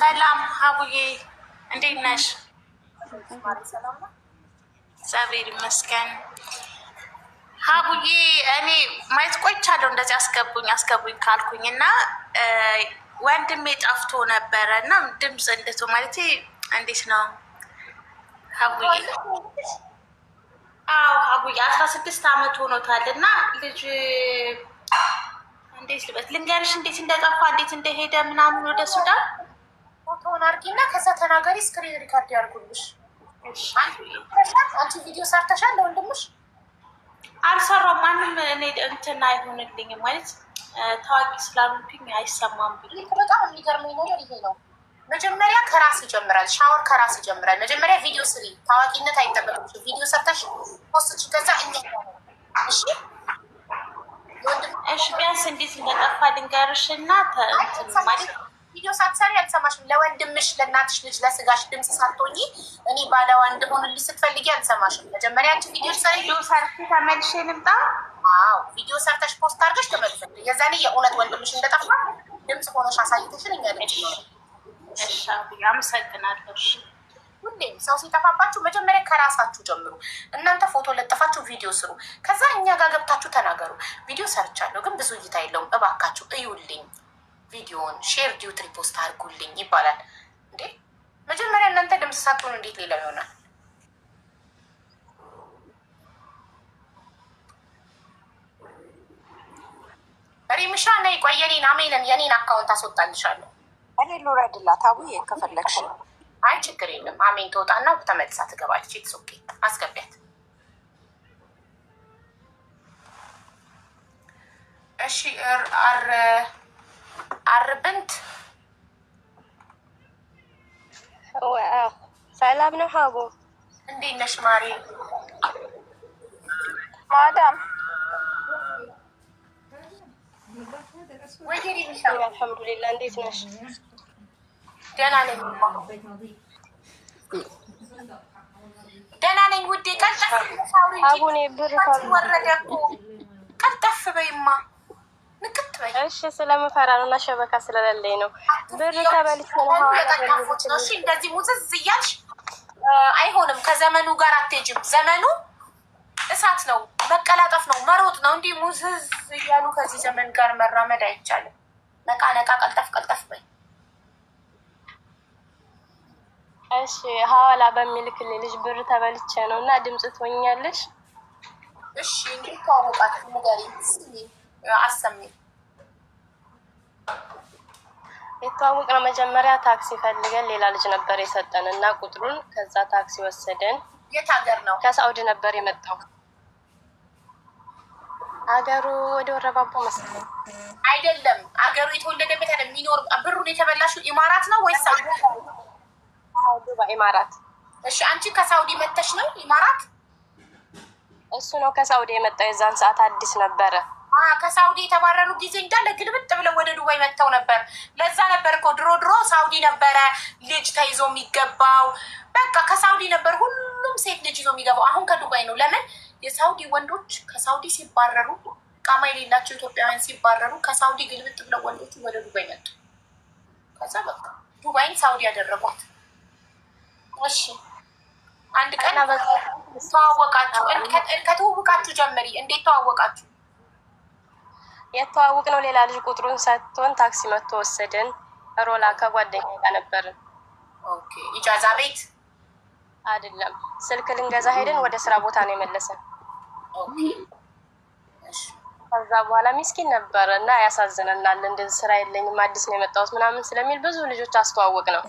ሰላም ሀቡዬ፣ እንዴት ነሽ? እግዚአብሔር ይመስገን። ሀቡዬ እኔ ማየት ቆይቻለሁ እንደዚህ አስገቡኝ አስገቡኝ ካልኩኝ እና ወንድሜ ጠፍቶ ነበረ እና ድምፅ እንድቶ ማለት እንዴት ነው ሀቡዬ? አዎ ሀቡዬ አስራ ስድስት አመት ሆኖታል እና ልጅ እንዴት ልበት ልንገርሽ፣ እንዴት እንደጠፋ እንዴት እንደሄደ ምናምን ወደ ሱዳን ፎቶውን አድርጊና ከዛ ተናገሪ። ስክሪን ሪካርድ ያርጉልሽ። አንቺ ቪዲዮ ሰርተሻል ለወንድምሽ? አልሰራው ማንም እኔ እንትን አይሆንልኝም ማለት ታዋቂ ስላሉብኝ አይሰማም። ብ በጣም የሚገርመኝ ነገር ይሄ ነው። መጀመሪያ ከራስ ይጀምራል። ሻወር ከራስ ይጀምራል። መጀመሪያ ቪዲዮ ስሪ። ታዋቂነት አይጠበቅም። ቪዲዮ ሰርተሽ ፖስት ከዛ እኛ እሺ እሺ ቢያንስ እንዴት እንደጠፋ ልንገርሽ እና ማለት ቪዲዮ ሳትሰሪ አልሰማሽም። ለወንድምሽ ለእናትሽ ልጅ ለስጋሽ ድምፅ ሳትሆኚ እኔ ባለ ወንድ ሆንልሽ ስትፈልጊ አልሰማሽም። መጀመሪያ አንቺ ቪዲዮ ሰሪ ሰርፊ ተመልሼ ልምጣ። አዎ ቪዲዮ ሰርተሽ ፖስት አድርገሽ ተመልሰ የዛኔ የእውነት ወንድምሽ እንደጠፋ ድምፅ ሆኖሽ አሳይተሽን እኛ ልጅ ነው። አመሰግናለሁ። ሁሌም ሰው ሲጠፋባችሁ መጀመሪያ ከራሳችሁ ጀምሩ። እናንተ ፎቶ ለጠፋችሁ፣ ቪዲዮ ስሩ። ከዛ እኛ ጋር ገብታችሁ ተናገሩ። ቪዲዮ ሰርቻለሁ ግን ብዙ እይታ የለውም፣ እባካችሁ እዩልኝ፣ ቪዲዮን ሼር ዲዩት ሪፖስት አድርጉልኝ ይባላል እንዴ። መጀመሪያ እናንተ ድምፅ ሳትሆኑ እንዴት ሌላው ይሆናል? ሪምሻ ነይ ቆይ፣ የኔን አሜንን የኔን አካውንት አስወጣልሻለሁ እኔ ልውረድላት አቡዬ ከፈለግሽ አይ ችግር የለም አሜን ትወጣና ተመልሳ ትገባለች። የተሶኬ አስገቢያት። እሺ አር አርብንት ሰላም ነው ሀቦ፣ እንዴት ነሽ ማሪ? ማዳም ወይኔ፣ አልሐምዱሊላህ እንዴት ነሽ? ደህና ነኝ። ደህና ነኝ ውዴ። ቀልጠፍ በይማ ንክት በይ። እሺ ስለምፈራ ነው እና ሸበካ ስለሌለኝ ነው። ብር ተበልቼ ነው። እንደዚህ ሙዝዝ እያልሽ አይሆንም። ከዘመኑ ጋር አትሄጂም። ዘመኑ እሳት ነው፣ መቀላጠፍ ነው፣ መሮጥ ነው። እንዲህ ሙዝዝ እያሉ ከዚህ ዘመን ጋር መራመድ አይቻልም። ነቃ ነቃ ቀልጠፍ እሺ ሀዋላ በሚልክልኝ ልጅ ብር ተበልቼ ነው እና ድምፅ ትሆኛለሽ? እሺ እንግዲህ ታወቃት ንገሪ አሰሚ። የተዋወቅ ነው መጀመሪያ ታክሲ ፈልገን ሌላ ልጅ ነበር የሰጠን እና ቁጥሩን ከዛ ታክሲ ወሰደን። የት ሀገር ነው? ከሳውዲ ነበር የመጣው አገሩ ወደ ወረባቦ መሰለኝ። አይደለም አገሩ የተወለደበት አይደለም የሚኖር ብሩን የተበላሹ ኢማራት ነው ወይስ በኢማራት እሺ። አንቺ ከሳውዲ መተሽ ነው ኢማራት? እሱ ነው ከሳውዲ የመጣው። የዛን ሰዓት አዲስ ነበረ። ከሳውዲ የተባረሩ ጊዜ እንዳለ ግልብጥ ብለው ወደ ዱባይ መጥተው ነበር። ለዛ ነበር እኮ ድሮ ድሮ ሳውዲ ነበረ ልጅ ተይዞ የሚገባው። በቃ ከሳውዲ ነበር ሁሉም ሴት ልጅ ይዞ የሚገባው። አሁን ከዱባይ ነው። ለምን የሳውዲ ወንዶች ከሳውዲ ሲባረሩ ቃማ የሌላቸው ኢትዮጵያውያን ሲባረሩ ከሳውዲ ግልብጥ ብለው ወንዶቹ ወደ ዱባይ መጡ። ከዛ በቃ ዱባይን ሳውዲ ያደረጓት። እሺ አንድ ቀን ተዋወቃችሁ። ከተዋወቃችሁ ጀምሪ፣ እንዴት ተዋወቃችሁ? የተዋወቅ ነው ሌላ ልጅ ቁጥሩን ሰጥቶን ታክሲ መጥቶ ወሰደን። ሮላ ከጓደኛ ጋር ነበርን። ኢጃዛ ቤት አይደለም፣ ስልክ ልንገዛ ሄደን ወደ ስራ ቦታ ነው የመለሰን። ከዛ በኋላ ሚስኪን ነበረ እና ያሳዝነናል። እንደዚህ ስራ የለኝም አዲስ ነው የመጣሁት ምናምን ስለሚል ብዙ ልጆች አስተዋወቅ ነው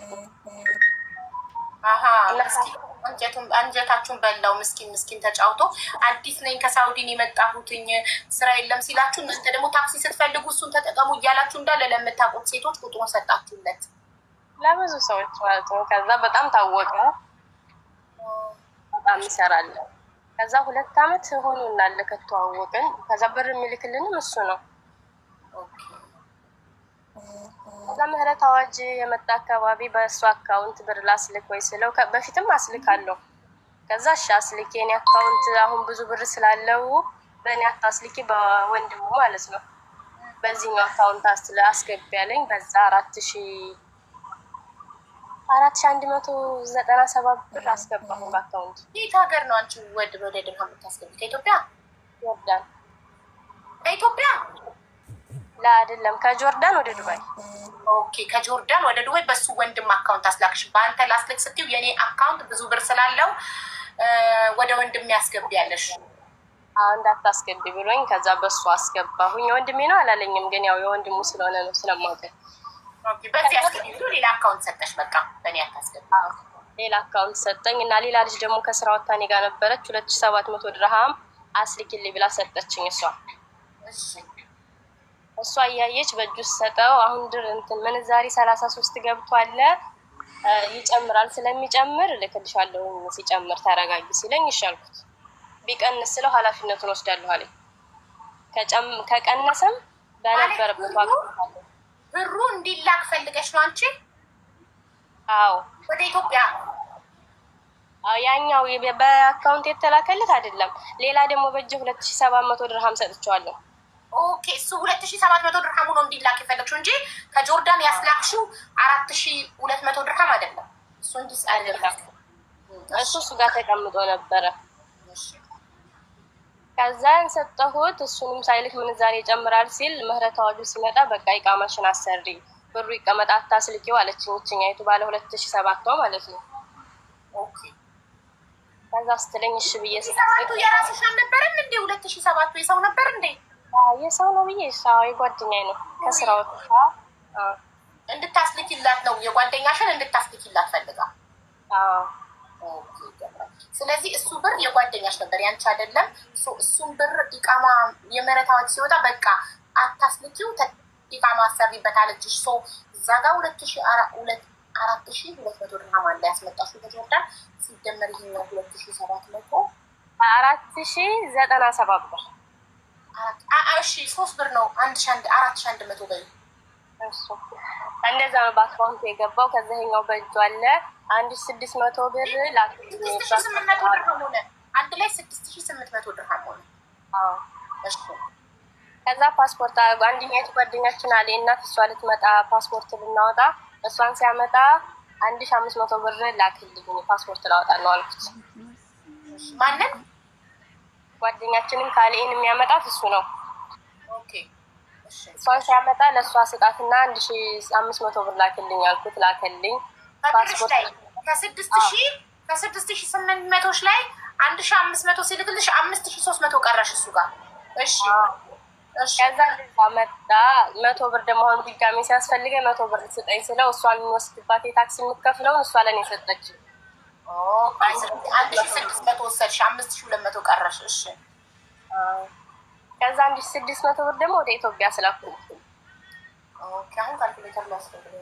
አንጀታችሁን በላው። ምስኪን ምስኪን ተጫውቶ አዲስ ነኝ ከሳውዲን የመጣሁትኝ ስራ የለም ሲላችሁ እናንተ ደግሞ ታክሲ ስትፈልጉ እሱን ተጠቀሙ እያላችሁ እንዳለ ለምታውቁት ሴቶች ቁጥሩን ሰጣችሁለት ለብዙ ሰዎች ማለት ነው። ከዛ በጣም ታወቀ፣ በጣም ይሰራል። ከዛ ሁለት አመት ሆኖናል ከተዋወቅን። ከዛ ብር የሚልክልንም እሱ ነው ከዛ ምህረት አዋጅ የመጣ አካባቢ በእሱ አካውንት ብር ላስልክ ወይ ስለው በፊትም አስልካለሁ። ከዛ እሺ አስልክ የኔ አካውንት አሁን ብዙ ብር ስላለው በእኔ አታስልኪ በወንድሙ ማለት ነው በዚህኛው አካውንት አስገቢ ያለኝ በዛ አራት ሺ አራት ሺ አንድ መቶ ዘጠና ሰባት ብር አስገባሁ በአካውንት። ይህ ሀገር ነው አንቺ ወድ ወደ ድርሃ የምታስገቢ ከኢትዮጵያ ይወዳል ከኢትዮጵያ አይደለም ከጆርዳን ወደ ዱባይ። ኦኬ ከጆርዳን ወደ ዱባይ በሱ ወንድም አካውንት አስላክሽ። በአንተ ላስልክ ስትይው የእኔ አካውንት ብዙ ብር ስላለው ወደ ወንድም ያስገብ ያለሽ እንዳታስገቢ ብሎኝ፣ ከዛ በሱ አስገባሁኝ። የወንድሜ ነው አላለኝም፣ ግን ያው የወንድሙ ስለሆነ ነው ስለማውቅ። ሌላ አካውንት ሰጠሽ። በቃ በእኔ አታስገቢ ሌላ አካውንት ሰጠኝ እና ሌላ ልጅ ደግሞ ከስራ ወታኔ ጋር ነበረች። ሁለት ሺ ሰባት መቶ ድርሃም አስልኪልኝ ብላ ሰጠችኝ እሷ እሷ እያየች በእጁ ሰጠው። አሁን ድር እንትን ምንዛሬ ሰላሳ ሶስት ገብቷል። ይጨምራል ስለሚጨምር ልክልሻለሁ ሲጨምር ተረጋጊ ሲለኝ ይሻልኩት ቢቀንስ ስለው ኃላፊነቱን ወስዳለሁ አለኝ። ከቀነሰም በነበረበት ብሩ እንዲላክ ፈልገሽ ነው አንቺ? አዎ ወደ ኢትዮጵያ ያኛው በአካውንት የተላከለት አይደለም። ሌላ ደግሞ በእጅ ሁለት ሺ ሰባት መቶ ድርሃም ሰጥቼዋለሁ። ኦኬ እሱ ሁለት ሺ ሰባት መቶ ድርሃሙ ነው እንዲላክ የፈለግሽው እንጂ ከጆርዳን ያስላክሽው አራት ሺ ሁለት መቶ ድርሃም አይደለም። እሱ እንዲስ አይደለም። እሱ እሱ ጋር ተቀምጦ ነበረ። ከዛን ሰጠሁት። እሱንም ሳይልክ ምንዛሬ ይጨምራል ሲል ምህረት አዋጁ ሲመጣ በቃ ይቃማሽን አሰሪ ብሩ ይቀመጣ አታስልኪው አለችኝ። ይችኛይቱ ባለ ሁለት ሺ ሰባት ነው ማለት ነው። ከዛ ስትለኝ እሺ ብዬ ስ የራስሽ አልነበረም እንዴ? ሁለት ሺ ሰባቱ የሰው ነበር እንዴ? የሰው ነው ብዬ የጓደኛዬ ነው ከስራው እንድታስልኪላት ነው የጓደኛሽን እንድታስልኪላት ፈልጋ። ስለዚህ እሱ ብር የጓደኛሽ ነበር ያንቺ አይደለም። እሱም ብር ኢቃማ የመረታዎች ሲወጣ በቃ አታስልኪው ኢቃማ አሰሪበት አለችሽ። ሶ እዛ ጋር ሁለት ሺ ሁለት አራት ሺ ሁለት መቶ ድርሃም አለ ያስመጣሽው በጆርዳን ሲደመር ይህኛው ሁለት ሺ ሰባት መቶ አራት ሺ ዘጠና ሰባት ብር እሺ ሶስት ብር ነው አንድ ሺ አንድ አራት ሺ አንድ መቶ በይ እንደዛ ነው በአካውንት የገባው። ከዚህኛው በእጁ አለ አንድ ስድስት መቶ ብር አንድ ላይ ስድስት ሺ ስምንት መቶ ድርሃም ሆነ። ከዛ ፓስፖርት አንድኛቱ ጓደኛችን አለ እናት እሷ ልትመጣ ፓስፖርት ልናወጣ እሷን ሲያመጣ አንድ ሺ አምስት መቶ ብር ላክልኝ ፓስፖርት ላወጣ ነው አልኩት። ማንን ጓደኛችንም ካልኤን የሚያመጣት እሱ ነው። እሷን ሲያመጣ ለእሷ ስቃትና አንድ ሺ አምስት መቶ ብር ላክልኝ አልኩት። ላክልኝ ከስድስት ሺ ስምንት መቶች ላይ አንድ ሺ አምስት መቶ ሲልክልሽ አምስት ሺ ሶስት መቶ ቀረሽ እሱ ጋር። እሺ ከዛ መጣ መቶ ብር ደግሞ አሁን ድጋሜ ሲያስፈልገ መቶ ብር ስጠኝ ስለው እሷን የሚወስድባት የታክሲ የምትከፍለውን እሷ ለኔ የሰጠችው አንድ ሺ ስድስት መቶ ወሰድሽ፣ አምስት ሺ ሁለት መቶ ቀረሽ። እሺ ከዛ አንድ ሺ ስድስት መቶ ብር ደግሞ ወደ ኢትዮጵያ ስላኩ። አሁን ካልኩሌተር ሊያስፈልግ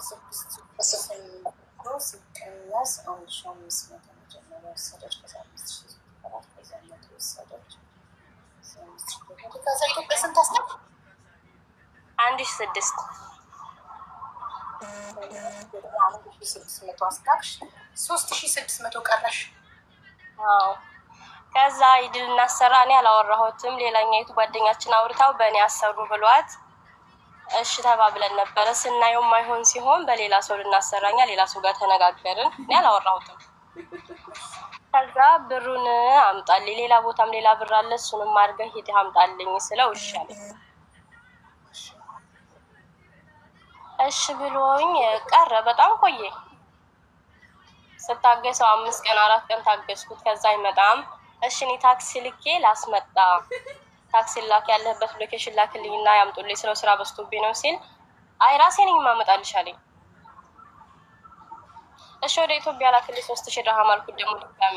በስድስት ሲቀነስ አንድ ሺ አምስት መቶ መጀመሪያ ወሰደች። ከዛ አምስት ሺ ከዛ መቶ ወሰደች። አንድ ሺ ስድስት ሶስት ሺ ስድስት መቶ ቀረሽ። አዎ ከዛ ይድል እናሰራ እኔ አላወራሁትም። የቱ ጓደኛችን አውርታው በእኔ አሰሩ ብሏት እሺ ተባብለን ነበረ። ስናየው ማይሆን ሲሆን በሌላ ሰው ልናሰራኛ ሌላ ሰው ጋር ተነጋገርን። እኔ አላወራሁትም። ከዛ ብሩን አምጣልኝ፣ ሌላ ቦታም ሌላ ብር አለ፣ እሱንም አድርገህ ሂድ አምጣልኝ ስለው እሺ አለ። እሺ ብሎኝ ቀረ። በጣም ቆየ። ስታገሰው አምስት ቀን አራት ቀን ታገስኩት። ከዛ አይመጣም። እሺ እኔ ታክሲ ልኬ ላስመጣ ታክሲ ላክ፣ ያለህበት ሎኬሽን ላክልኝ እና ያምጡልኝ ስለው ስራ በዝቶብኝ ነው ሲል አይ ራሴ ነኝ ማመጣልሽ አለኝ። እሺ ወደ ኢትዮጵያ ላክልኝ ሶስት ሺ ድርሃም አልኩት። ደግሞ ድጋሚ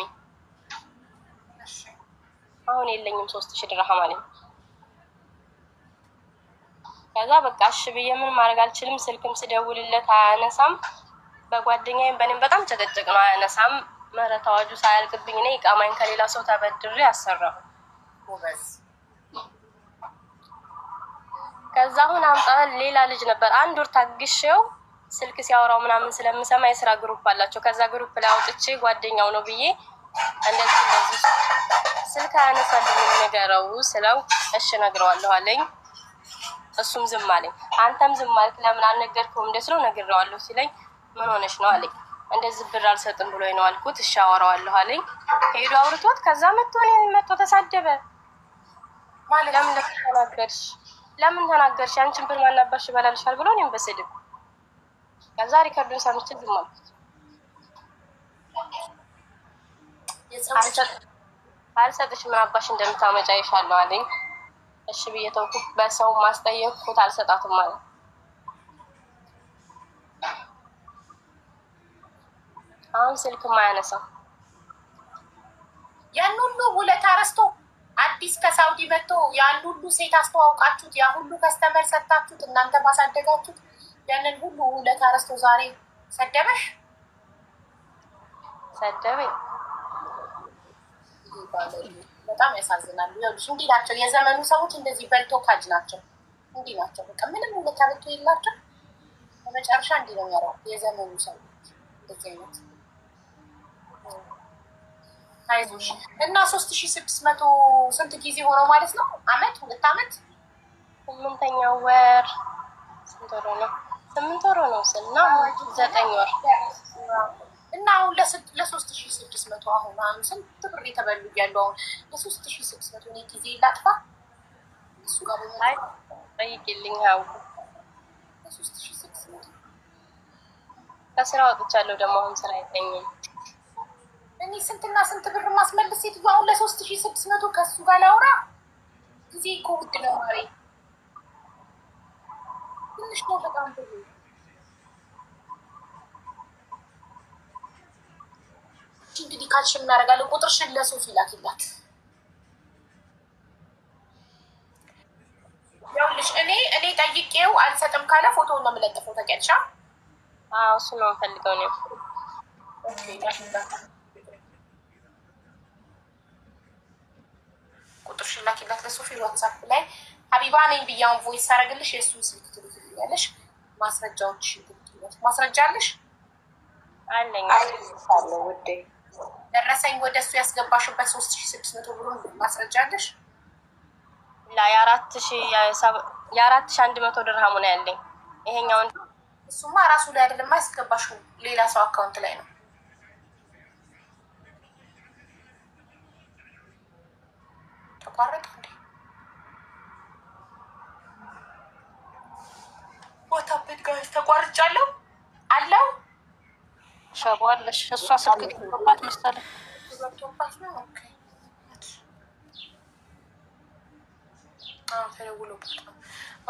አሁን የለኝም ሶስት ሺህ ድርሃም አለኝ። ከዛ በቃ እሺ ብዬ ምን ማድረግ አልችልም። ስልክም ስደውልለት አያነሳም። በጓደኛዬም በእኔም በጣም ጭቅጭቅ ነው። አያነሳም። ምህረት አዋጁ ሳያልቅብኝ እኔ እቃማኝ ከሌላ ሰው ተበድሬ አሰራሁ። ውበዝ ከዛ አሁን አምጣ ሌላ ልጅ ነበር አንድ ወር ታግሼው ስልክ ሲያወራው ምናምን ስለምሰማ የስራ ግሩፕ አላቸው። ከዛ ግሩፕ ላይ አውጥቼ ጓደኛው ነው ብዬ እንደዚህ እንደዚህ ስልክ አያነሳልኝም ንገረው ስለው እሽ እነግረዋለሁ አለኝ። እሱም ዝም አለኝ። አንተም ዝም አልክ ለምን አልነገርከውም? እንደ ስለው ነግረዋለሁ ሲለኝ ምን ሆነች ነው አለኝ። እንደዚህ ብር አልሰጥም ብሎ ነው አልኩት። እሺ አወራዋለሁ አለኝ። ሄዶ አውርቶት ከዛ መጥቶ እኔን መጥቶ ተሳደበ ማለት ለምን ለምን ተናገርሽ ለምን ተናገርሽ? አንቺን ብር ማናባሽ ይበላልሻል ብሎ እኔም በስድብ ከዛ ሪከርዱን ሰምቼ ዝም አልኩት። አልሰጥሽም ምን አባሽ እንደምታመጫ ይሻለው አለኝ። እሺ ብዬ ተውኩት። በሰው ማስጠየቅኩት አልሰጣትም ማለት አሁን ስልክም አያነሳም ያን ሁሉ ውለታ አረስተው አዲስ ከሳውዲ መጥቶ ያን ሁሉ ሴት አስተዋውቃችሁት ያ ሁሉ ከስተመር ሰጥታችሁት እናንተ ማሳደጋችሁት ያንን ሁሉ ሁለት አረስቶ ዛሬ ሰደበሽ ሰደበ። በጣም ያሳዝናሉ። ይኸውልሽ እንዲህ ናቸው የዘመኑ ሰዎች፣ እንደዚህ በልቶ ካጅ ናቸው። እንዲህ ናቸው። በቃ ምንም ሁለት ብቶ የላቸው። በመጨረሻ እንዲህ ነው የሚያደርጉት የዘመኑ ሰዎች እንደዚህ አይነት አይዞሽ እና ሶስት ሺ ስድስት መቶ ስንት ጊዜ ሆነው ማለት ነው? አመት ሁለት አመት ስምንተኛው ወር ስንት ወር ነው? ስምንት ወር ነው ስና ዘጠኝ ወር እና አሁን ለሶስት ሺ ስድስት መቶ አሁን አሁን ስንት ብር የተበሉ እያሉ አሁን ለሶስት ሺ ስድስት መቶ እኔ ጊዜ ላጥፋ እሱ ጋር ጠይቅልኝ ለሶስት ሺ ስድስት መቶ ከስራ ወጥቻለሁ ደግሞ አሁን ስራ አይጠኝም እኔ ስንትና ስንት ብር ማስመልስ ሴትዮ አሁን ለሶስት ሺ ስድስት መቶ ከሱ ጋር ላውራ ጊዜ እኮ ውድ ነው ማሬ፣ ትንሽ ነው በጣም ብዙ እንግዲህ ካልሽ የምናደርጋለን። ቁጥርሽን ለሶፊ ላኪላት። ያውልሽ እኔ እኔ ጠይቄው አልሰጥም ካለ ፎቶውን ነው የምለጥፈው። ተቀጫ አዎ፣ እሱ ነው የምፈልገው ነው ቁጥርሽን ላኪላት ለሶፊ ዋትሳፕ ላይ ሀቢባ ነኝ ብያውን ቮይስ አረግልሽ የእሱን ስልክ ትልክልኛለሽ። ማስረጃዎች ማስረጃ አለሽ? ደረሰኝ ወደ እሱ ያስገባሽበት ሶስት ሺ ስድስት መቶ ብሩን ማስረጃ አለሽ? የአራት ሺ አንድ መቶ ድርሃሙ ነው ያለኝ። ይሄኛውን እሱማ ራሱ ላይ አይደለም ያስገባሽው ሌላ ሰው አካውንት ላይ ነው አቋረጥ እንዴ? ወታብት ጋይስ ተቋርጫለሁ አለው ሸቦ አለሽ። እሷ ስልክ ገባት መሰለኝ። ተደውሎባት ነው።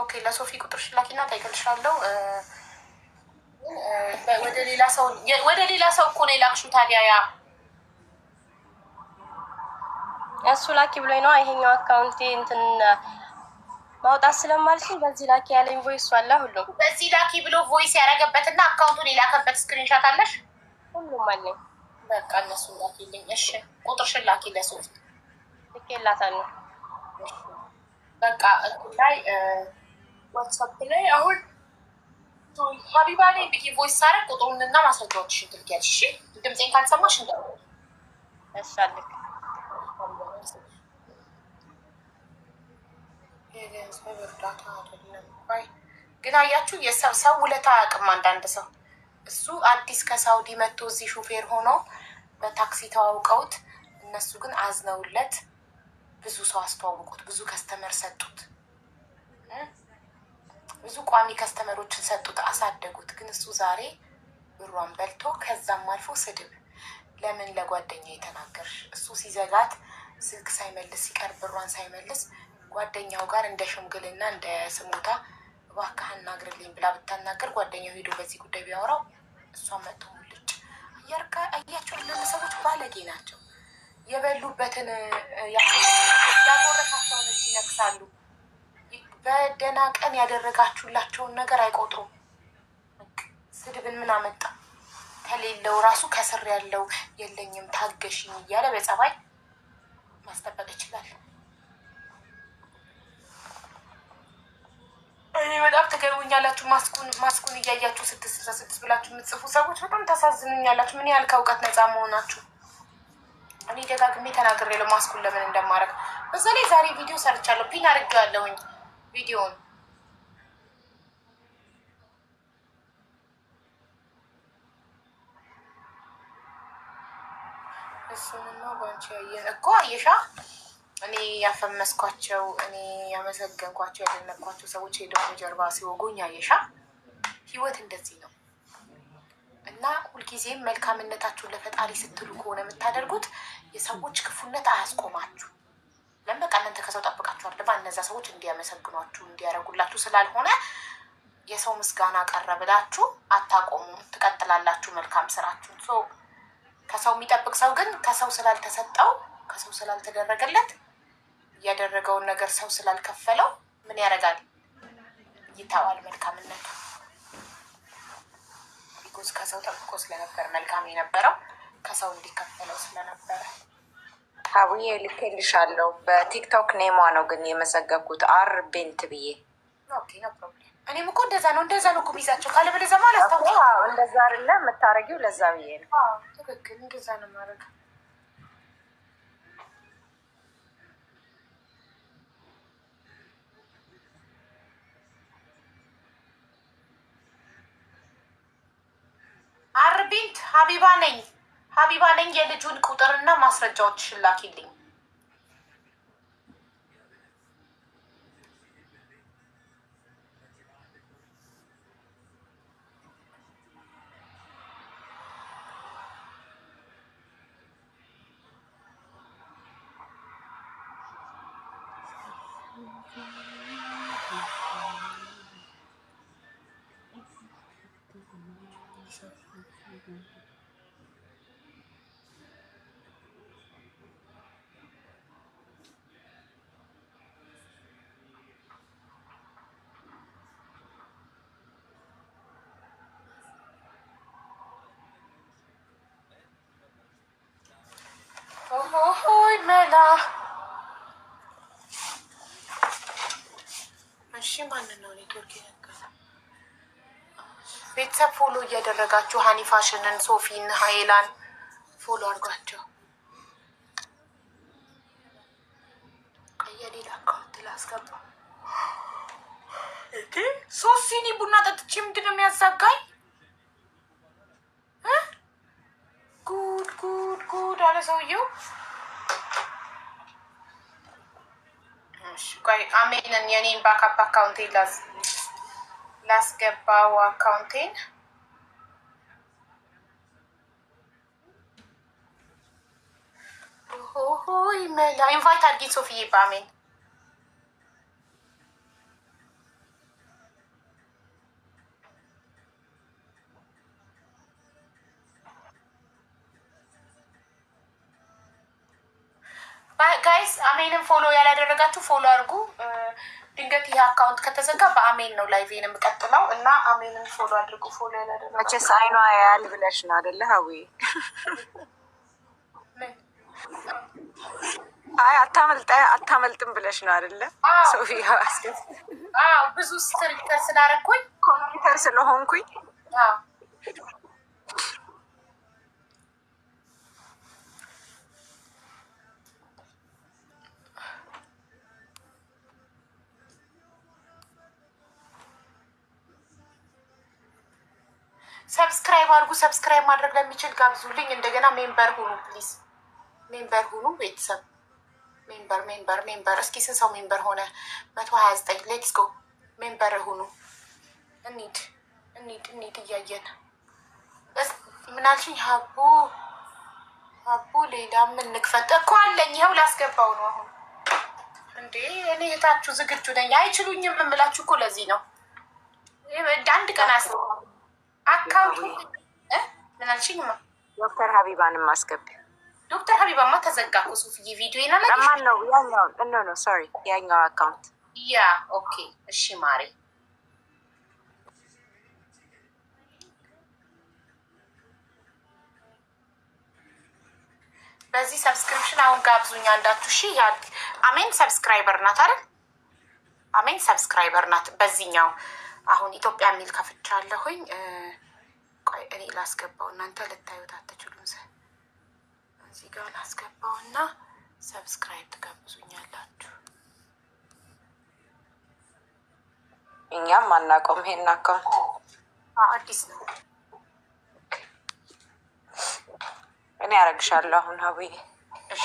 ኦኬ ለሶፊ ቁጥርሽ ላኪና ታይገልሻለሁ። ወደ ሌላ ሰው እኮ ነው የላክሽው ታዲያ ያ እሱ ላኪ ብሎኝ ነው ይሄኛው አካውንቴ እንትን ማውጣት ስለማልችል በዚህ ላኪ ያለኝ ቮይስ አለ። ሁሉም በዚህ ላኪ ብሎ ቮይስ ያደረገበት አካውንቱን የላከበት ስክሪንሻት አለሽ? ሁሉም አለኝ። በቃ እነሱ ላኪልኝ። እሺ ቁጥርሽን ላኪ ለሶስት ልኬላታለሁ። በቃ እንትን ላይ ዋትሳፕ ላይ አሁን ሀቢባ ላይ ብዬ ቮይስ ሳረግ ቁጥሩንና ማስረጃዎችሽን ትልኪያለሽ። ድምፄን ካልሰማሽ እንደ እሺ አለክ የገንዘብ እርዳታ አይደለም። ግን አያችሁ የሰው ሰው ውለታ አያውቅም። አንዳንድ ሰው እሱ አዲስ ከሳውዲ መጥቶ እዚህ ሹፌር ሆኖ በታክሲ ተዋውቀውት እነሱ ግን አዝነውለት ብዙ ሰው አስተዋውቁት፣ ብዙ ከስተመር ሰጡት፣ ብዙ ቋሚ ከስተመሮችን ሰጡት፣ አሳደጉት። ግን እሱ ዛሬ ብሯን በልቶ ከዛም አልፎ ስድብ ለምን ለጓደኛ የተናገርሽ? እሱ ሲዘጋት ስልክ ሳይመልስ ሲቀር ብሯን ሳይመልስ ጓደኛው ጋር እንደ ሽምግልና እንደ ስሞታ እባክህ አናግርልኝ ብላ ብታናገር ጓደኛው ሄዶ በዚህ ጉዳይ ቢያወራው እሷ መጥቶ ሙልጭ እያርካ አያቸው። አንዳንድ ሰዎች ባለጌ ናቸው። የበሉበትን ያጎረሳቸውን እጅ ይነክሳሉ። በደህና ቀን ያደረጋችሁላቸውን ነገር አይቆጥሩም። ስድብን ምን አመጣ ከሌለው ራሱ ከስር ያለው የለኝም ታገሽኝ እያለ በጸባይ ማስጠበቅ ይችላል። እኔ በጣም ተገርሞኛላችሁ። ማስኩን ማስኩን እያያችሁ ስድስት ስልሳ ስድስት ብላችሁ የምትጽፉ ሰዎች በጣም ታሳዝኑኛላችሁ። ምን ያህል ከእውቀት ነፃ መሆናችሁ። እኔ ደጋግሜ ለው ማስኩን ለምን እንደማደርግ። በዛ ላይ ዛሬ ቪዲዮ ሰርቻለሁ፣ ፒን አድርጌዋለሁኝ ቪዲዮውን እሱንና ባንቺ ያየን እኮ አየሻ እኔ ያፈመስኳቸው እኔ ያመሰገንኳቸው ያደነቅኳቸው ሰዎች ሄደው ጀርባ ሲወጉኝ አየሻ። ህይወት እንደዚህ ነው እና ሁልጊዜም መልካምነታችሁን ለፈጣሪ ስትሉ ከሆነ የምታደርጉት የሰዎች ክፉነት አያስቆማችሁ። ለምን በቃ እናንተ ከሰው ጠብቃችሁ አለባ እነዛ ሰዎች እንዲያመሰግኗችሁ እንዲያደርጉላችሁ ስላልሆነ የሰው ምስጋና ቀረ ብላችሁ አታቆሙም፣ ትቀጥላላችሁ መልካም ስራችሁን። ከሰው የሚጠብቅ ሰው ግን ከሰው ስላልተሰጠው ከሰው ስላልተደረገለት ያደረገውን ነገር ሰው ስላልከፈለው ምን ያደርጋል? ይተዋል። መልካምነት ቢኮዝ ከሰው ጠብቆ ስለነበር መልካም የነበረው ከሰው እንዲከፈለው ስለነበረ ሀቡዬ ልኬልሻለሁ። በቲክቶክ ኔሟ ነው ግን የመዘገብኩት አር ቤንት ብዬ። እኔም እኮ እንደዛ ነው እንደዛ ነው ሚዛቸው ካለበለዛ ማለት እንደዛ አይደለ የምታረጊው። ለዛ ብዬ ነው ትክክል። እንደዛ ነው ማድረግ አርቢንት ሀቢባ ነኝ ሀቢባ ነኝ። የልጁን ቁጥርና ማስረጃዎች ሽላኪልኝ። እሺ ማንን ነው ኔትወርክ የነካ? ቤተሰብ ፎሎ እያደረጋችሁ ሀኒ ፋሽንን፣ ሶፊን፣ ሀይላን ፎሎ አድርጓቸው። የሌላ አካውንት ላስገባ ሶስት ሲኒ ቡና ጠጥቼ ምንድን ነው የሚያዘጋኝ? ጉድ ጉድ ጉድ አለ ሰውየው። ቆይ አሜንን የኔን ባካፕ አካውንቴን ላስገባው አካውንቴን ኢንቫይት አድርጊኝ ሶፍዬ በአሜን ጋይስ አሜንን ፎሎ ያላደረጋችሁ ፎሎ አድርጉ። ድንገት ይህ አካውንት ከተዘጋ በአሜን ነው ላይቭ የምቀጥለው እና አሜንን ፎሎ አድርጉ። ፎሎ ያላደረጋችሁ መቼስ አይኗ ያያል ብለሽ ነው አደለ? ሀዊ አይ አታመልጠ አታመልጥም ብለሽ ነው አደለ? ሶፊ ብዙ ስትሪከር ስላረኩኝ ኮምፒውተር ስለሆንኩኝ ሰብስክራይብ አድርጉ። ሰብስክራይብ ማድረግ ለሚችል ጋብዙልኝ። እንደገና ሜምበር ሁኑ ፕሊዝ፣ ሜምበር ሁኑ ቤተሰብ። ሜምበር ሜምበር ሜምበር። እስኪ ስንት ሰው ሜምበር ሆነ? መቶ ሀያ ዘጠኝ ሌትስ ጎ። ሜምበር ሁኑ። እኒድ እኒድ እኒድ እያየን ምናልሽኝ ሀቡ ሀቡ ሌላ ምን ንክፈት እኮ አለኝ። ይኸው ላስገባው ነው አሁን። እንዴ እኔ የታችሁ ዝግጁ ነኝ። አይችሉኝም የምላችሁ እኮ ለዚህ ነው። አንድ ቀን አስ አካውንቱ ምን ዶክተር ሀቢባን ማስገብ ዶክተር ሀቢባማ ተዘጋ እኮ ሶፍዬ ቪዲዮ ይላል። ነው ያኛው? ኖ ኖ ሶሪ፣ ያኛው አካውንት ያ። ኦኬ እሺ ማሬ በዚህ ሰብስክሪፕሽን አሁን ጋብዙኝ አንዳችሁ። እሺ አሜን ሰብስክራይበር ናት አይደል? አሜን ሰብስክራይበር ናት በዚህኛው አሁን ኢትዮጵያ የሚል ከፍቻ ቆይ እኔ ላስገባው፣ እናንተ ልታዩት አትችሉም። እዚህ ጋር እና ሰብስክራይብ ትጋብዙኛላችሁ። እኛም አናውቀውም ይሄን አካውንት አዲስ ነው። እኔ ያረግሻለሁ አሁን ሀብዬ እሺ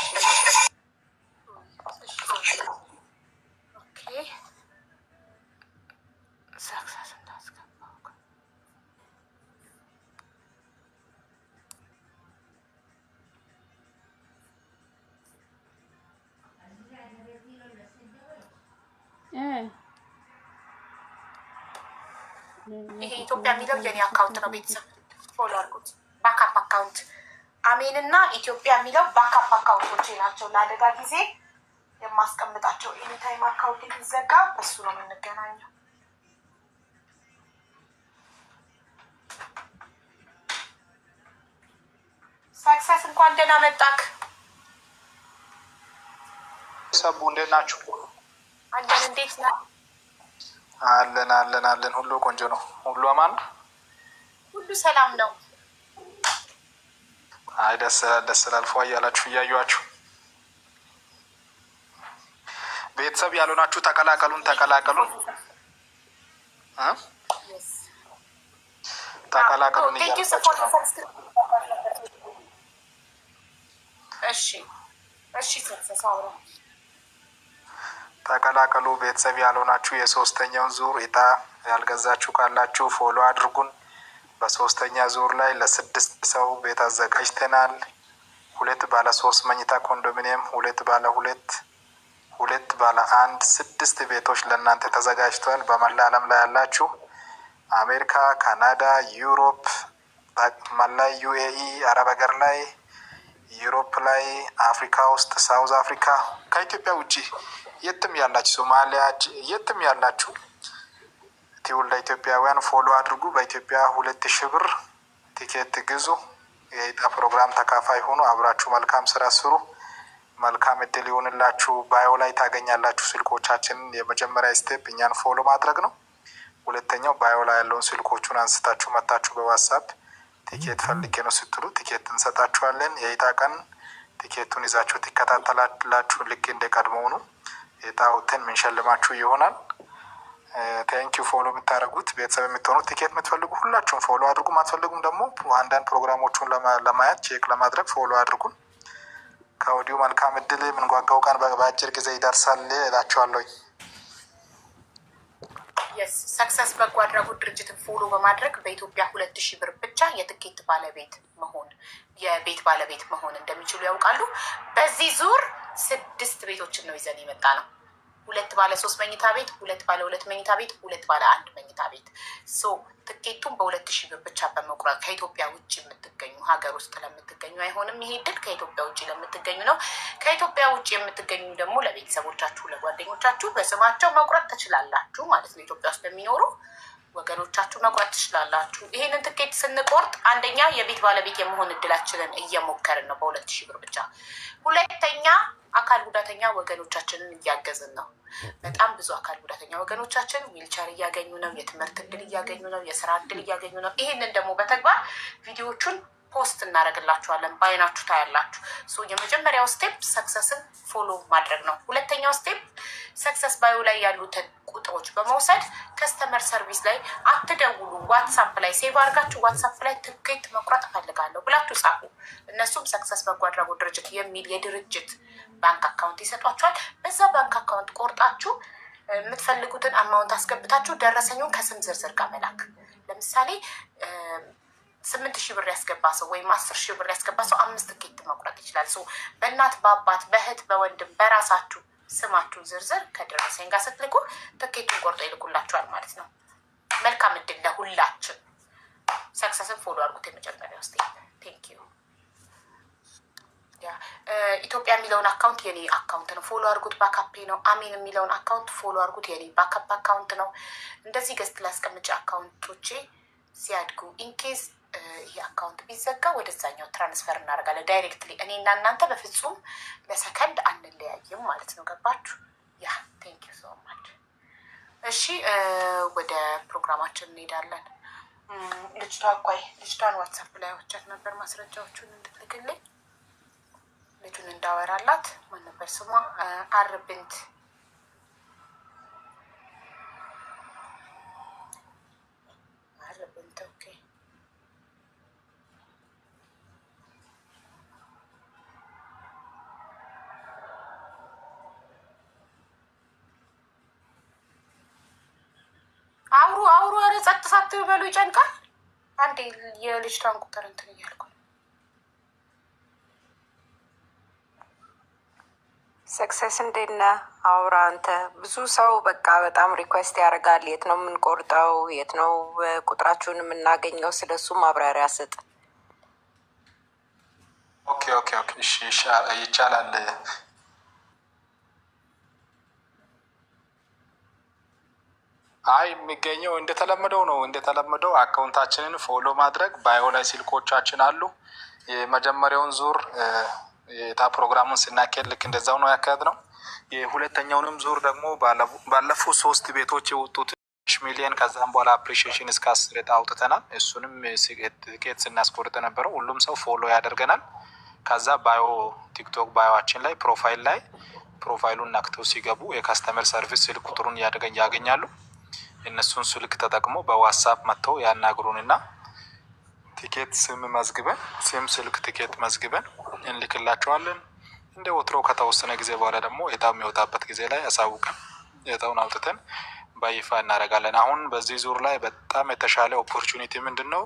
ሄደር የኔ አካውንት ነው ቤተሰብ ፎሎ አድርጉት። ባካፕ አካውንት አሜን እና ኢትዮጵያ የሚለው ባካፕ አካውንቶች ናቸው። ለአደጋ ጊዜ የማስቀምጣቸው ኤኒታይም አካውንት የሚዘጋ በሱ ነው የምንገናኘው። ሳክሰስ እንኳን ደህና መጣክ። ሰቡ እንዴት ናችሁ? አለን። እንዴት ነ አለን አለን አለን። ሁሉ ቆንጆ ነው። ሁሉ አማን ሁሉ ሰላም ነው። አይ ደስ ስላል ደስ ስላል ፏ እያላችሁ እያዩችሁ ቤተሰብ ያልሆናችሁ ተቀላቀሉን፣ ተቀላቀሉን፣ ተቀላቀሉን። ተቀላቀሉ ቤተሰብ ያልሆናችሁ የሶስተኛውን ዙር እጣ ያልገዛችሁ ካላችሁ ፎሎ አድርጉን። በሶስተኛ ዙር ላይ ለስድስት ሰው ቤት አዘጋጅተናል። ሁለት ባለ ሶስት መኝታ ኮንዶሚኒየም፣ ሁለት ባለ ሁለት፣ ሁለት ባለ አንድ፣ ስድስት ቤቶች ለእናንተ ተዘጋጅተዋል። በመላ ዓለም ላይ ያላችሁ አሜሪካ፣ ካናዳ፣ ዩሮፕ፣ መላ ዩኤኢ አረብ ሀገር ላይ ዩሮፕ ላይ አፍሪካ ውስጥ ሳውዝ አፍሪካ ከኢትዮጵያ ውጭ የትም ያላችሁ ሶማሊያ የትም ያላችሁ ዩኒቨርሲቲውን ለኢትዮጵያውያን ፎሎ አድርጉ። በኢትዮጵያ ሁለት ሺህ ብር ቲኬት ግዙ። የኢጣ ፕሮግራም ተካፋይ ሆኑ። አብራችሁ መልካም ስራ ስሩ። መልካም እድል ይሆንላችሁ። ባዮ ላይ ታገኛላችሁ ስልኮቻችንን። የመጀመሪያ ስቴፕ እኛን ፎሎ ማድረግ ነው። ሁለተኛው ባዮ ላይ ያለውን ስልኮቹን አንስታችሁ መታችሁ በዋትሳፕ ቲኬት ፈልጌ ነው ስትሉ ቲኬት እንሰጣችኋለን። የኢጣ ቀን ቲኬቱን ይዛችሁ ትከታተላላችሁ። ልክ እንደ ቀድሞውኑ ዕጣውትን ምንሸልማችሁ ይሆናል። ቴንኪዩ ፎሎ የምታደርጉት ቤተሰብ የምትሆኑ ቲኬት የምትፈልጉ ሁላችሁም ፎሎ አድርጉ። ማትፈልጉም ደግሞ አንዳንድ ፕሮግራሞቹን ለማየት ቼክ ለማድረግ ፎሎ አድርጉን። ከወዲሁ መልካም እድል። የምንጓጋው ቀን በአጭር ጊዜ ይደርሳል እላቸዋለሁ። ሰክሰስ በጎ አድራጎት ድርጅትን ፎሎ በማድረግ በኢትዮጵያ ሁለት ሺህ ብር ብቻ የትኬት ባለቤት መሆን የቤት ባለቤት መሆን እንደሚችሉ ያውቃሉ። በዚህ ዙር ስድስት ቤቶችን ነው ይዘን የመጣ ነው። ሁለት ባለ ሶስት መኝታ ቤት፣ ሁለት ባለ ሁለት መኝታ ቤት፣ ሁለት ባለ አንድ መኝታ ቤት ሶ ትኬቱን በሁለት ሺህ ብር ብቻ በመቁረጥ ከኢትዮጵያ ውጭ የምትገኙ ሀገር ውስጥ ለምትገኙ አይሆንም። ይሄ ድል ከኢትዮጵያ ውጭ ለምትገኙ ነው። ከኢትዮጵያ ውጭ የምትገኙ ደግሞ ለቤተሰቦቻችሁ፣ ለጓደኞቻችሁ በስማቸው መቁረጥ ትችላላችሁ ማለት ነው ኢትዮጵያ ውስጥ የሚኖሩ። ወገኖቻችሁ መቁረጥ ትችላላችሁ። ይህንን ትኬት ስንቆርጥ አንደኛ የቤት ባለቤት የመሆን እድላችንን እየሞከርን ነው በሁለት ሺህ ብር ብቻ። ሁለተኛ አካል ጉዳተኛ ወገኖቻችንን እያገዝን ነው። በጣም ብዙ አካል ጉዳተኛ ወገኖቻችን ዊልቸር እያገኙ ነው። የትምህርት እድል እያገኙ ነው። የስራ እድል እያገኙ ነው። ይህንን ደግሞ በተግባር ቪዲዮዎቹን ፖስት እናደርግላችኋለን። በአይናችሁ ታያላችሁ። የመጀመሪያው ስቴፕ ሰክሰስን ፎሎ ማድረግ ነው። ሁለተኛው ስቴፕ ሰክሰስ ባዩ ላይ ያሉትን ቁጥሮች በመውሰድ ከስተመር ሰርቪስ ላይ አትደውሉ፣ ዋትሳፕ ላይ ሴቭ አድርጋችሁ ዋትሳፕ ላይ ትኬት መቁረጥ እፈልጋለሁ ብላችሁ ጻፉ። እነሱም ሰክሰስ በጎ አድራጎት ድርጅት የሚል የድርጅት ባንክ አካውንት ይሰጧችኋል። በዛ ባንክ አካውንት ቆርጣችሁ የምትፈልጉትን አማውንት አስገብታችሁ ደረሰኙን ከስም ዝርዝር ጋር መላክ ለምሳሌ ስምንት ሺህ ብር ያስገባ ሰው ወይም አስር ሺህ ብር ያስገባ ሰው አምስት ኬት መቁረጥ ይችላል። ሰው በእናት በአባት በእህት በወንድም በራሳችሁ ስማችሁ ዝርዝር ከደረሰኝ ጋር ስትልቁ ትኬቱን ቆርጦ ይልኩላችኋል ማለት ነው። መልካም እድል ለሁላችን። ሰክሰስን ፎሎ አድርጉት። የመጀመሪያ ውስጥ ቴንክ ዩ ኢትዮጵያ የሚለውን አካውንት የኔ አካውንት ነው፣ ፎሎ አድርጉት። ባካፔ ነው። አሜን የሚለውን አካውንት ፎሎ አድርጉት፣ የኔ ባካፕ አካውንት ነው። እንደዚህ ገዝት ላስቀምጭ አካውንቶቼ ሲያድጉ ኢንኬዝ የአካውንት ቢዘጋ ወደዛኛው ትራንስፈር እናደርጋለን ዳይሬክትሊ። እኔ እና እናንተ በፍጹም ለሰከንድ አንለያይም ማለት ነው። ገባችሁ? ያ ቴንክ ዩ ሶ ማች። እሺ ወደ ፕሮግራማችን እንሄዳለን። ልጅቷ አኳይ ልጅቷን ዋትሳፕ ላይ ወቻት ነበር ማስረጃዎቹን እንድትልክልኝ ልጁን እንዳወራላት። ማን ነበር ስሟ? አርብንት ብትበሉ ይጨንቃል። አንዴ የልጅቷን ቁጥር እንትን እያልኩ ሰክሰስ እንዴት ነህ? አውራ አንተ። ብዙ ሰው በቃ በጣም ሪኩዌስት ያደርጋል። የት ነው የምንቆርጠው? የት ነው ቁጥራችሁን የምናገኘው? ስለ እሱ ማብራሪያ ስጥ። ኦኬ ኦኬ ኦኬ፣ ይቻላል አይ የሚገኘው እንደተለመደው ነው። እንደተለመደው አካውንታችንን ፎሎ ማድረግ ባዮ ላይ ስልኮቻችን አሉ። የመጀመሪያውን ዙር የታ ፕሮግራሙን ስናካሄድ ልክ እንደዛው ነው ያካሄድ ነው። የሁለተኛውንም ዙር ደግሞ ባለፉት ሶስት ቤቶች የወጡት ሚሊየን ከዛም በኋላ አፕሪሺዬሽን እስከ አስር ዕጣ አውጥተናል። እሱንም ትኬት ስናስቆርጥ ነበረው። ሁሉም ሰው ፎሎ ያደርገናል። ከዛ ባዮ ቲክቶክ ባዮችን ላይ ፕሮፋይል ላይ ፕሮፋይሉን ነክተው ሲገቡ የካስተመር ሰርቪስ ስልክ ቁጥሩን ያገኛሉ። የእነሱን ስልክ ተጠቅሞ በዋትሳፕ መጥተው ያናግሩንና ቲኬት ስም መዝግበን ስም ስልክ ቲኬት መዝግበን እንልክላቸዋለን። እንደ ወትሮ ከተወሰነ ጊዜ በኋላ ደግሞ እጣው የሚወጣበት ጊዜ ላይ አሳውቀን እጣውን አውጥተን በይፋ እናደርጋለን። አሁን በዚህ ዙር ላይ በጣም የተሻለ ኦፖርቹኒቲ ምንድን ነው?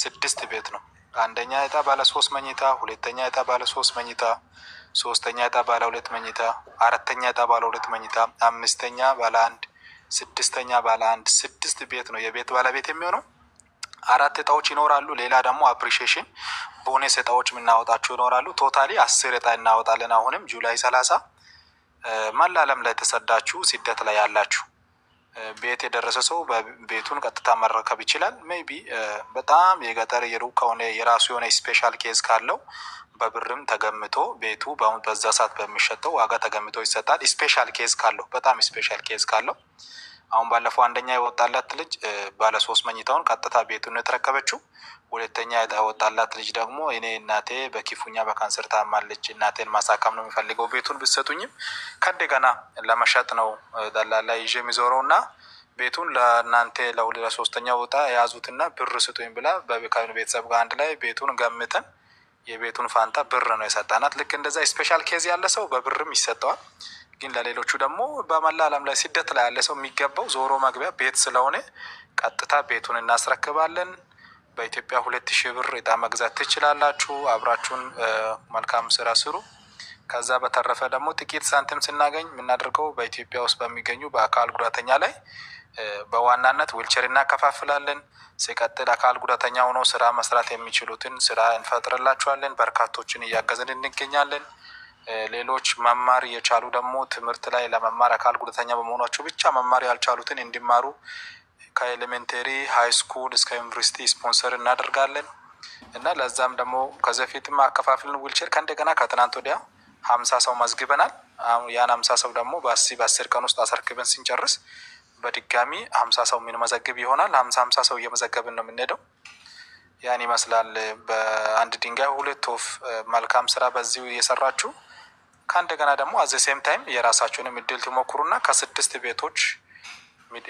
ስድስት ቤት ነው። አንደኛ እጣ ባለ ሶስት መኝታ፣ ሁለተኛ እጣ ባለ ሶስት መኝታ፣ ሶስተኛ እጣ ባለ ሁለት መኝታ፣ አራተኛ እጣ ባለ ሁለት መኝታ፣ አምስተኛ ባለ አንድ ስድስተኛ ባለ አንድ ስድስት ቤት ነው የቤት ባለቤት የሚሆነው። አራት እጣዎች ይኖራሉ። ሌላ ደግሞ አፕሪሺዬሽን ቦነስ እጣዎች የምናወጣቸው ይኖራሉ። ቶታሊ አስር እጣ እናወጣለን። አሁንም ጁላይ ሰላሳ መላለም ላይ ተሰዳችሁ ስደት ላይ ያላችሁ ቤት የደረሰ ሰው ቤቱን ቀጥታ መረከብ ይችላል። ሜይ ቢ በጣም የገጠር የሩቅ ከሆነ የራሱ የሆነ ስፔሻል ኬዝ ካለው በብርም ተገምቶ ቤቱ በዛ ሰዓት በሚሸጠው ዋጋ ተገምቶ ይሰጣል። ስፔሻል ኬዝ ካለው በጣም ስፔሻል ኬዝ ካለው አሁን ባለፈው አንደኛ የወጣላት ልጅ ባለሶስት መኝታውን ቀጥታ ቤቱን የተረከበችው ሁለተኛ ወጣላት ልጅ ደግሞ እኔ እናቴ በኪፉኛ በካንሰር ታማለች፣ እናቴን ማሳከም ነው የሚፈልገው፣ ቤቱን ብትሰጡኝም ከእንደገና ለመሸጥ ነው ደላላ ይዤ የሚዞረው እና ቤቱን ለእናንተ ለሶስተኛ ቦታ የያዙትና ብር ስጡኝ ብላ ቤተሰብ ጋር አንድ ላይ ቤቱን ገምተን የቤቱን ፋንታ ብር ነው የሰጣናት። ልክ እንደዛ ስፔሻል ኬዝ ያለ ሰው በብርም ይሰጠዋል። ግን ለሌሎቹ ደግሞ በመላ ዓለም ላይ ስደት ላይ ያለ ሰው የሚገባው ዞሮ መግቢያ ቤት ስለሆነ ቀጥታ ቤቱን እናስረክባለን። በኢትዮጵያ ሁለት ሺህ ብር እጣ መግዛት ትችላላችሁ። አብራችሁን መልካም ስራ ስሩ። ከዛ በተረፈ ደግሞ ጥቂት ሳንቲም ስናገኝ የምናደርገው በኢትዮጵያ ውስጥ በሚገኙ በአካል ጉዳተኛ ላይ በዋናነት ዊልቸር እናከፋፍላለን። ሲቀጥል አካል ጉዳተኛ ሆኖ ስራ መስራት የሚችሉትን ስራ እንፈጥርላችኋለን። በርካቶችን እያገዝን እንገኛለን። ሌሎች መማር የቻሉ ደግሞ ትምህርት ላይ ለመማር አካል ጉዳተኛ በመሆናቸው ብቻ መማር ያልቻሉትን እንዲማሩ ከኤሌሜንቴሪ ሀይ ስኩል እስከ ዩኒቨርሲቲ ስፖንሰር እናደርጋለን እና ለዛም ደግሞ ከዚህ በፊትም አከፋፍልን ዊልቸር ከእንደገና ከትናንት ወዲያ ሀምሳ ሰው መዝግበናል። ያን ሀምሳ ሰው ደግሞ በአስ በአስር ቀን ውስጥ አሰርክበን ስንጨርስ በድጋሚ ሀምሳ ሰው የምንመዘግብ ይሆናል። ሀምሳ ሀምሳ ሰው እየመዘገብን ነው የምንሄደው። ያን ይመስላል። በአንድ ድንጋይ ሁለት ወፍ፣ መልካም ስራ በዚሁ እየሰራችሁ ከእንደገና ደግሞ አዘ ሴም ታይም የራሳችሁንም እድል ትሞክሩና ከስድስት ቤቶች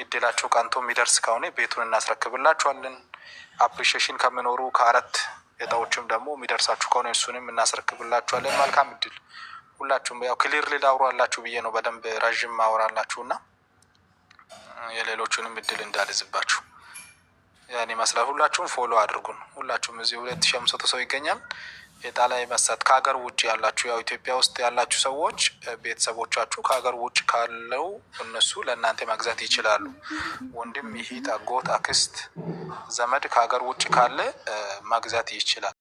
እድላቸው ቀንቶ የሚደርስ ከሆነ ቤቱን እናስረክብላችኋለን። አፕሪሺዬሽን ከምኖሩ ከአራት እጣዎችም ደግሞ የሚደርሳችሁ ከሆነ እሱንም እናስረክብላችኋለን። መልካም እድል ሁላችሁም። ያው ክሊር ሊዳውሩ አላችሁ ብዬ ነው በደንብ ረዥም ማወራላችሁ እና የሌሎቹንም እድል እንዳልዝባችሁ ያኔ ይመስላል። ሁላችሁም ፎሎ አድርጉን። ሁላችሁም እዚህ ሁለት ሺህ አምስት መቶ ሰው ይገኛል። የጣሊያን መሰት ከሀገር ውጭ ያላችሁ ያው ኢትዮጵያ ውስጥ ያላችሁ ሰዎች ቤተሰቦቻችሁ ከሀገር ውጭ ካለው እነሱ ለእናንተ መግዛት ይችላሉ። ወንድም፣ ይሂት፣ አጎት፣ አክስት፣ ዘመድ ከሀገር ውጭ ካለ መግዛት ይችላል።